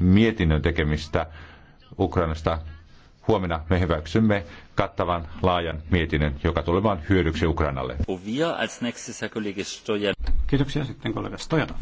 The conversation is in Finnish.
mietinnön tekemistä Ukrainasta. Huomenna me hyväksymme kattavan laajan mietinnön, joka tulee vain hyödyksi Ukrainalle. Kiitoksia sitten kollega Stojanov.